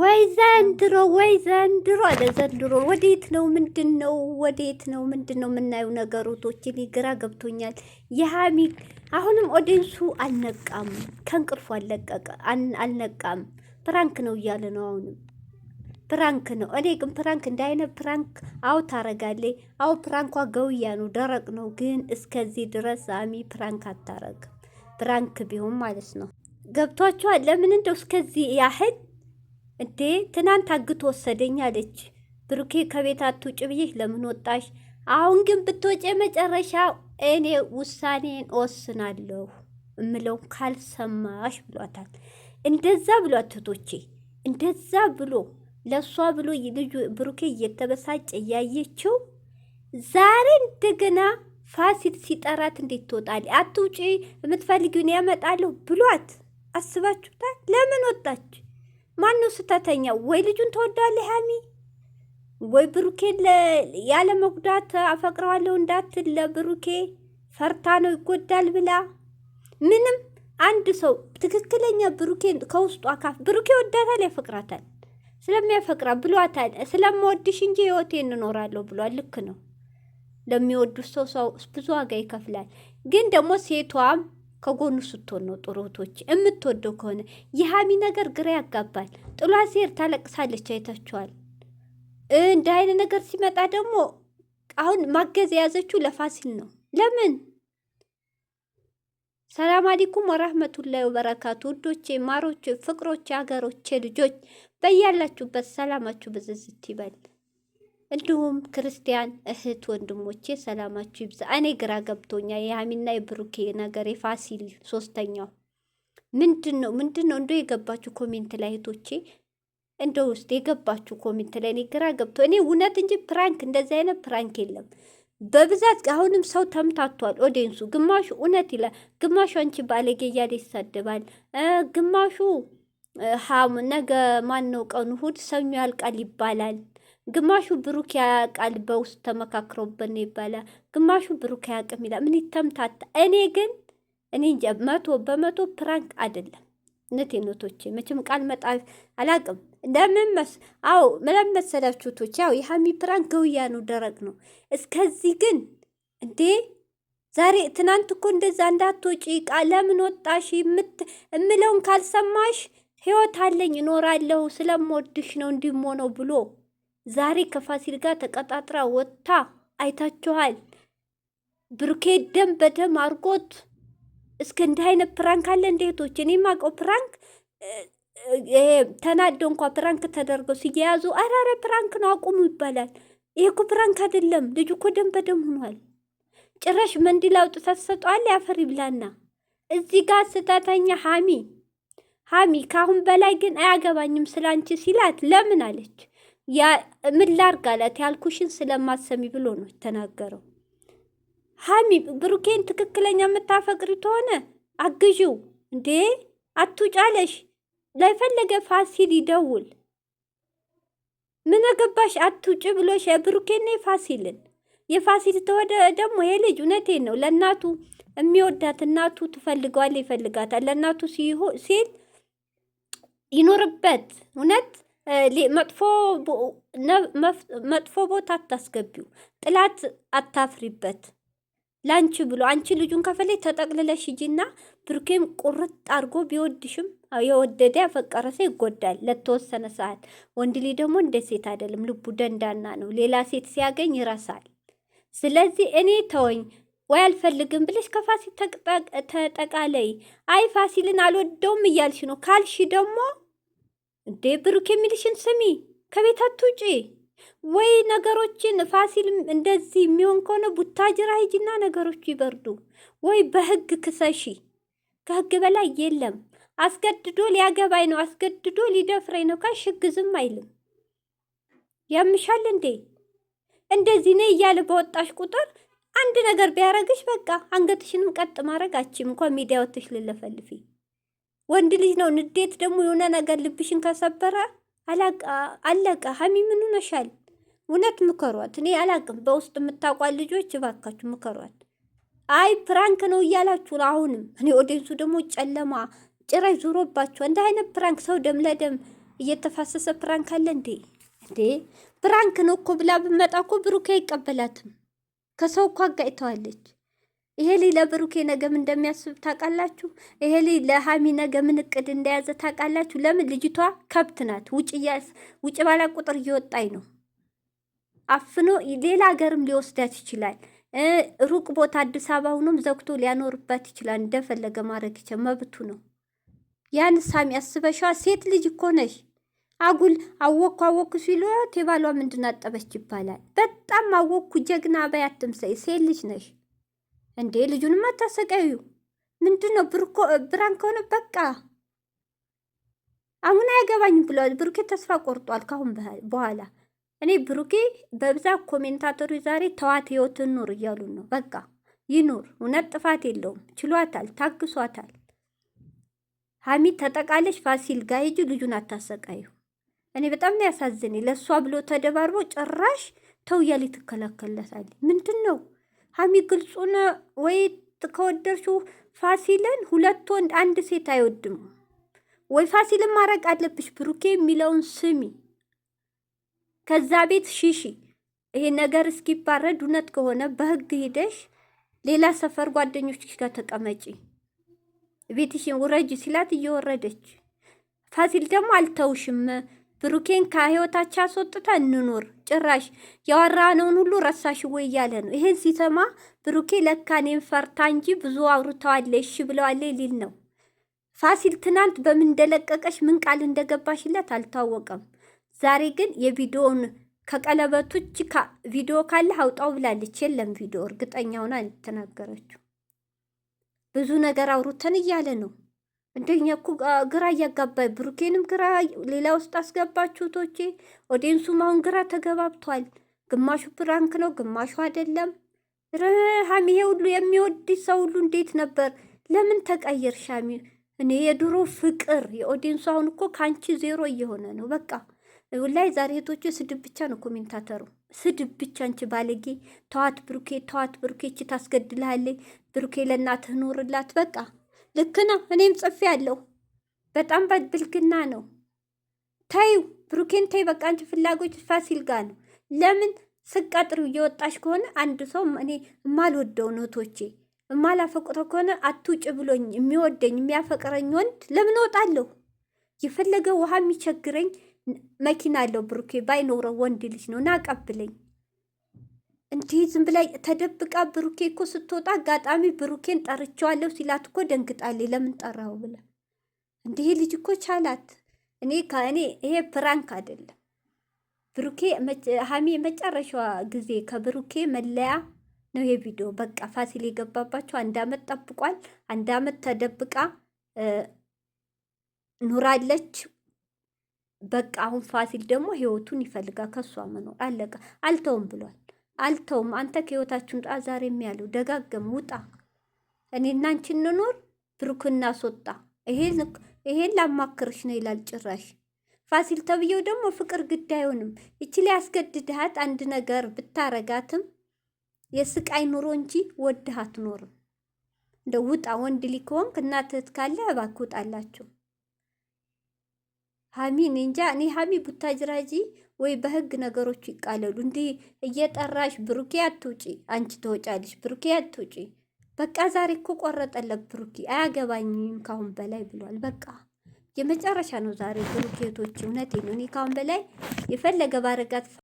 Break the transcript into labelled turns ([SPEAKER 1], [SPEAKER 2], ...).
[SPEAKER 1] ወይ ዘንድሮ ወይ ዘንድሮ አለ ዘንድሮ ወዴት ነው ምንድን ነው ወዴት ነው ምንድን ነው የምናየው ነገሮቶች እኔ ግራ ገብቶኛል የሀሚ አሁንም ኦዲንሱ አልነቃም ከእንቅልፉ አልለቀቀ አልነቃም ፕራንክ ነው እያለ ነው አሁንም ፕራንክ ነው እኔ ግን ፕራንክ እንደ አይነት ፕራንክ አዎ ታረጋለች አዎ ፕራንኳ ገውያ ነው ደረቅ ነው ግን እስከዚህ ድረስ ሀሚ ፕራንክ አታረግ ፕራንክ ቢሆን ማለት ነው ገብቷችኋል ለምን እንደው እስከዚህ ያህል እንዴ ትናንት አግቶ ወሰደኝ አለች። ብሩኬ ከቤት አትውጭ ብዬ ለምን ወጣሽ? አሁን ግን ብትወጪ መጨረሻ እኔ ውሳኔን ወስናለሁ እምለው ካልሰማሽ ብሏታል። እንደዛ ብሎ ትቶቼ እንደዛ ብሎ ለእሷ ብሎ ልጁ ብሩኬ እየተበሳጨ እያየችው ዛሬ እንደገና ፋሲል ሲጠራት እንዴት ትወጣል? አትውጪ፣ የምትፈልጊውን ያመጣለሁ ብሏት አስባችሁታል። ለምን ወጣች? ማነው ስተተኛ ወይ ልጁን ተወዳለ ሀሚ ወይ ብሩኬ ያለ መጉዳት አፈቅረዋለሁ እንዳትል ለብሩኬ ፈርታ ነው ይጎዳል ብላ ምንም አንድ ሰው ትክክለኛ ብሩኬን ከውስጡ አካፍ ብሩኬ ወዳታል፣ ያፈቅራታል። ስለሚያፈቅራ ብሏታል፣ ስለምወድሽ እንጂ ህይወቴ እንኖራለሁ ብሏል። ልክ ነው። ለሚወዱት ሰው ሰው ብዙ ዋጋ ይከፍላል። ግን ደግሞ ሴቷም ከጎኑ ስትሆን ነው። ጥሩ እህቶች የምትወደው ከሆነ የሀሚ ነገር ግራ ያጋባል። ጥሏ ሴር ታለቅሳለች፣ አይታችኋል። እንደ አይነ ነገር ሲመጣ ደግሞ አሁን ማገዝ የያዘችው ለፋሲል ነው። ለምን ሰላም አለይኩም ወራህመቱላሂ ወበረካቱ። ውዶቼ፣ ማሮቼ፣ ፍቅሮቼ፣ ሀገሮቼ ልጆች በያላችሁበት ሰላማችሁ ብዝዝት ይበል። እንዲሁም ክርስቲያን እህት ወንድሞቼ ሰላማችሁ ይብዛ። እኔ ግራ ገብቶኛ የሀሚና የብሩኬ ነገር የፋሲል ሶስተኛው ምንድን ነው ምንድን ነው? እንደው የገባችሁ ኮሜንት ላይ እህቶቼ እንደ ውስጥ የገባችሁ ኮሜንት ላይ እኔ ግራ ገብቶ እኔ እውነት እንጂ ፕራንክ እንደዚህ አይነት ፕራንክ የለም። በብዛት አሁንም ሰው ተምታቷል። ኦዴንሱ ግማሹ እውነት ይላል፣ ግማሹ አንቺ ባለጌ እያለ ይሳደባል፣ ግማሹ ሀሙ ነገ ማን ነው ቀኑ እሑድ ሰኞ ያልቃል ይባላል። ግማሹ ብሩክ ያቃል በውስጥ ተመካክሮበት ነው ይባላል። ግማሹ ብሩክ ያቅም ይላል። ምን ይተምታታ። እኔ ግን እኔ እንጃ መቶ በመቶ ፕራንክ አይደለም። እነቴ ኖቶቼ መቼም ቃል መጣ አላቅም። ለምን መስ አዎ ለምን መሰላችሁ ቶቼ ያው የሀሚ ፕራንክ ገውያ ነው፣ ደረቅ ነው። እስከዚህ ግን እንዴ ዛሬ ትናንት እኮ እንደዛ እንዳትወጪ ቃል ለምን ወጣሽ እምለውን ካልሰማሽ ህይወት አለኝ እኖራለሁ ስለምወድሽ ነው እንዲሞ ነው ብሎ ዛሬ ከፋሲል ጋር ተቀጣጥራ ወጥታ አይታችኋል። ብሩኬ ደም በደም አርጎት እስከ እንዲህ አይነት ፕራንክ አለ እንዴቶች? እኔ የማውቀው ፕራንክ ተናዶ እንኳ ፕራንክ ተደርገው ሲያያዙ አራረ ፕራንክ ነው አቁሙ ይባላል። ይሄ እኮ ፕራንክ አይደለም። ልጁ እኮ ደም በደም ሆኗል። ጭራሽ መንዲል አውጥታ ተሰጠዋል። ያፈር ይብላና እዚህ ጋር ስህተተኛ ሀሚ ሀሚ፣ ከአሁን በላይ ግን አያገባኝም ስላንቺ ሲላት ለምን አለች። ምን ጋላት አላት። ያልኩሽን ስለማትሰሚ ብሎ ነው የተናገረው። ሀሚ ብሩኬን ትክክለኛ የምታፈቅሪ ተሆነ አግዥው እንዴ አትውጫለሽ። ላይፈለገ ፋሲል ይደውል ምን አገባሽ አትውጭ ብሎሽ ብሩኬን የፋሲልን የፋሲል ተወደ ደግሞ ይሄ ልጅ እውነቴን ነው ለእናቱ የሚወዳት እናቱ ትፈልገዋል ይፈልጋታል። ለእናቱ ሲል ይኖርበት እውነት መጥፎ ቦታ አታስገቢው። ጥላት አታፍሪበት። ላንቺ ብሎ አንቺ ልጁን ከፈለ ተጠቅልለሽ ሂጂና ብሩኬም ቁርጥ አድርጎ ቢወድሽም የወደደ ያፈቀረ ሰው ይጎዳል ለተወሰነ ሰዓት። ወንድ ልጅ ደግሞ እንደ ሴት አይደለም፣ ልቡ ደንዳና ነው። ሌላ ሴት ሲያገኝ ይረሳል። ስለዚህ እኔ ተወኝ ወይ አልፈልግም ብለሽ ከፋሲል ተጠቃለይ። አይ ፋሲልን አልወደውም እያልሽ ነው ካልሽ ደግሞ እንዴ ብሩክ የሚልሽን ስሚ፣ ከቤት አትውጪ ወይ ነገሮችን ፋሲል እንደዚህ የሚሆን ከሆነ ቡታጅራ ሂጂና ነገሮቹ ይበርዱ፣ ወይ በህግ ክሰሺ። ከህግ በላይ የለም። አስገድዶ ሊያገባኝ ነው፣ አስገድዶ ሊደፍረኝ ነው ካልሽ ህግ ዝም አይልም። ያምሻል እንዴ? እንደዚህ ነ እያለ በወጣሽ ቁጥር አንድ ነገር ቢያረግሽ በቃ አንገትሽንም ቀጥ ማድረግ አችም እንኳ ሚዲያ ወትሽ ልለፈልፊ ወንድ ልጅ ነው። ንዴት ደግሞ የሆነ ነገር ልብሽን ከሰበረ አለቀ። ሀሚ ምን ሆነሻል? እውነት ምከሯት። እኔ አላቅም። በውስጥ የምታውቋት ልጆች እባካችሁ ምከሯት። አይ ፕራንክ ነው እያላችሁ አሁንም እኔ ኦዴንሱ ደግሞ ጨለማ ጭራሽ ዙሮባችሁ እንደ አይነት ፕራንክ ሰው ደም ለደም እየተፋሰሰ ፕራንክ አለ እንዴ? እንዴ ፕራንክ ነው እኮ ብላ ብመጣ እኮ ብሩኬ አይቀበላትም። ከሰው እኮ አጋጭተዋለች። ይሄ ልጅ ለብሩኬ ነገ ምን እንደሚያስብ ታውቃላችሁ? ይሄ ልጅ ለሀሚ ነገ ምን እቅድ እንደያዘ ታውቃላችሁ? ለምን ልጅቷ ከብት ናት። ውጭ ውጭ ባላ ቁጥር እየወጣኝ ነው አፍኖ ሌላ ሀገርም ሊወስዳት ይችላል። ሩቅ ቦታ አዲስ አበባ ሁኖም ዘግቶ ሊያኖርባት ይችላል። እንደፈለገ ማድረግ ይችላል። መብቱ ነው። ያን ሳሚ አስበሻዋ ሴት ልጅ እኮ ነሽ። አጉል አወኩ አወኩ ሲሉ የባሏ ምንድን አጠበች ይባላል። በጣም አወኩ ጀግና በያትም ሴት ልጅ ነሽ። እንዴ ልጁንም አታሰቃዩ። ምንድን ነው ብርኮ ብራን ከሆነ በቃ አሁን አያገባኝም ብለዋል። ብሩኬ ተስፋ ቆርጧል። ካሁን በኋላ እኔ ብሩኬ በብዛት ኮሜንታተሩ ዛሬ ተዋት ህይወትን ኑር እያሉ ነው። በቃ ይኑር፣ እውነት ጥፋት የለውም። ችሏታል፣ ታግሷታል። ሀሚ ተጠቃለች ፋሲል ጋር ሂጂ፣ ልጁን አታሰቃዩ። እኔ በጣም ነው ያሳዝኔ። ለእሷ ብሎ ተደባርቦ ጭራሽ ተውያሌ ትከላከለታል። ምንድን ነው ሀሚ ግልጹን ወይ ከወደድሽው ፋሲልን ሁለት ወንድ አንድ ሴት አይወድም ወይ ፋሲልን ማድረግ አለብሽ። ብሩኬ የሚለውን ስሚ፣ ከዛ ቤት ሺሺ ይሄ ነገር እስኪባረድ እውነት ከሆነ በህግ ሄደሽ ሌላ ሰፈር ጓደኞች ጋር ተቀመጪ። ቤትሽን ውረጅ ሲላት እየወረደች ፋሲል ደግሞ አልተውሽም ብሩኬን ከህይወታች አስወጥታ እንኑር። ጭራሽ ያወራነውን ሁሉ ረሳሽ ወይ እያለ ነው። ይሄን ሲሰማ ብሩኬ ለካ እኔን ፈርታ እንጂ ብዙ አውርተዋለ እሺ ብለዋለ ሊል ነው። ፋሲል ትናንት በምን እንደለቀቀሽ ምን ቃል እንደገባሽለት አልታወቀም። ዛሬ ግን የቪዲዮውን ከቀለበቶች ቪዲዮ ካለ አውጣው ብላለች። የለም ቪዲዮ እርግጠኛውን አልተናገረችው። ብዙ ነገር አውሩተን እያለ ነው። እንደኛ እኮ ግራ እያጋባ ብሩኬንም ግራ ሌላ ውስጥ አስገባችሁ። ቶቼ ኦዴንሱም አሁን ግራ ተገባብቷል። ግማሹ ፕራንክ ነው፣ ግማሹ አይደለም። ሀሚ ይሄ ሁሉ የሚወድ ሰው ሁሉ እንዴት ነበር? ለምን ተቀየር? ሻሚ እኔ የድሮ ፍቅር የኦዴንሱ አሁን እኮ ከአንቺ ዜሮ እየሆነ ነው። በቃ ላይ ዛሬ እህቶቼ ስድብ ብቻ ነው ኮሜንታተሩ ስድብ ብቻ። አንቺ ባለጌ ተዋት ብሩኬ፣ ተዋት ብሩኬ፣ እቺ ታስገድልሃለች ብሩኬ፣ ለእናትህ ኖርላት በቃ ልክ ነው። እኔም ጽፌ አለሁ። በጣም ብልግና ነው። ተይው ብሩኬን ተይ። በቃ አንቺ ፍላጎች ፋሲል ጋር ነው። ለምን ስቀጥሩ እየወጣሽ ከሆነ አንድ ሰው እኔ የማልወደው ኖቶቼ የማላፈቅረው ከሆነ አትውጭ ብሎኝ የሚወደኝ የሚያፈቅረኝ ወንድ ለምን እወጣለሁ? የፈለገ ውሃ የሚቸግረኝ መኪና አለው ብሩኬ ባይኖረው ወንድ ልጅ ነው። ና ቀብለኝ እንዲህ ዝም ብላ ተደብቃ ብሩኬ እኮ ስትወጣ አጋጣሚ ብሩኬን ጠርቸዋለሁ ሲላት እኮ ደንግጣለች። ለምን ጠራው ብላ እንዲህ ልጅ እኮ ቻላት። እኔ ከእኔ ይሄ ፕራንክ አይደለም። ብሩኬ ሀሚ የመጨረሻዋ ጊዜ ከብሩኬ መለያ ነው ይሄ ቪዲዮ። በቃ ፋሲል የገባባቸው አንድ አመት ጠብቋል። አንድ አመት ተደብቃ ኑራለች። በቃ አሁን ፋሲል ደግሞ ህይወቱን ይፈልጋል። ከእሷ መኖር አለቀ። አልተውም ብሏል። አልተውም። አንተ ከህይወታችን ጣ ዛሬ የሚያለው ደጋገም ውጣ፣ እኔ እናንቺ እንኖር፣ ብሩክና ሶጣ ይሄን ላማክርሽ ነው ይላል። ጭራሽ ፋሲል ተብዬው ደግሞ ፍቅር ግድ አይሆንም። ይቺ ላይ አስገድድሃት አንድ ነገር ብታረጋትም የስቃይ ኑሮ እንጂ ወድሃት ኖርም። እንደ ውጣ፣ ወንድ ሊከሆንክ እናትህት ካለ እባክህ ውጣላችሁ። ሀሚ እንጃ እኔ ሀሚ ቡታጅራጂ ወይ በህግ ነገሮቹ ይቃለሉ። እንዲህ እየጠራሽ ብሩኬ አትውጪ፣ አንቺ ተወጫለሽ፣ ብሩኬ አትውጪ። በቃ ዛሬ እኮ ቆረጠለት ብሩኬ አያገባኝም ካሁን በላይ ብሏል። በቃ የመጨረሻ ነው ዛሬ ብሩኬቶች፣ እውነቴ ነው። እኔ ካሁን በላይ የፈለገ ባረጋት